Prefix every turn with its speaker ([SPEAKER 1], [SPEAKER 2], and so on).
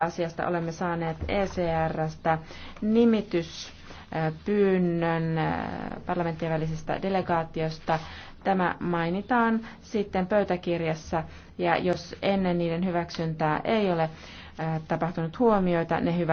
[SPEAKER 1] asiasta olemme saaneet ECRstä nimityspyynnön äh, parlamenttien välisestä delegaatiosta. Tämä mainitaan sitten pöytäkirjassa ja jos ennen niiden hyväksyntää ei ole äh,
[SPEAKER 2] tapahtunut huomioita, ne hyväksytään.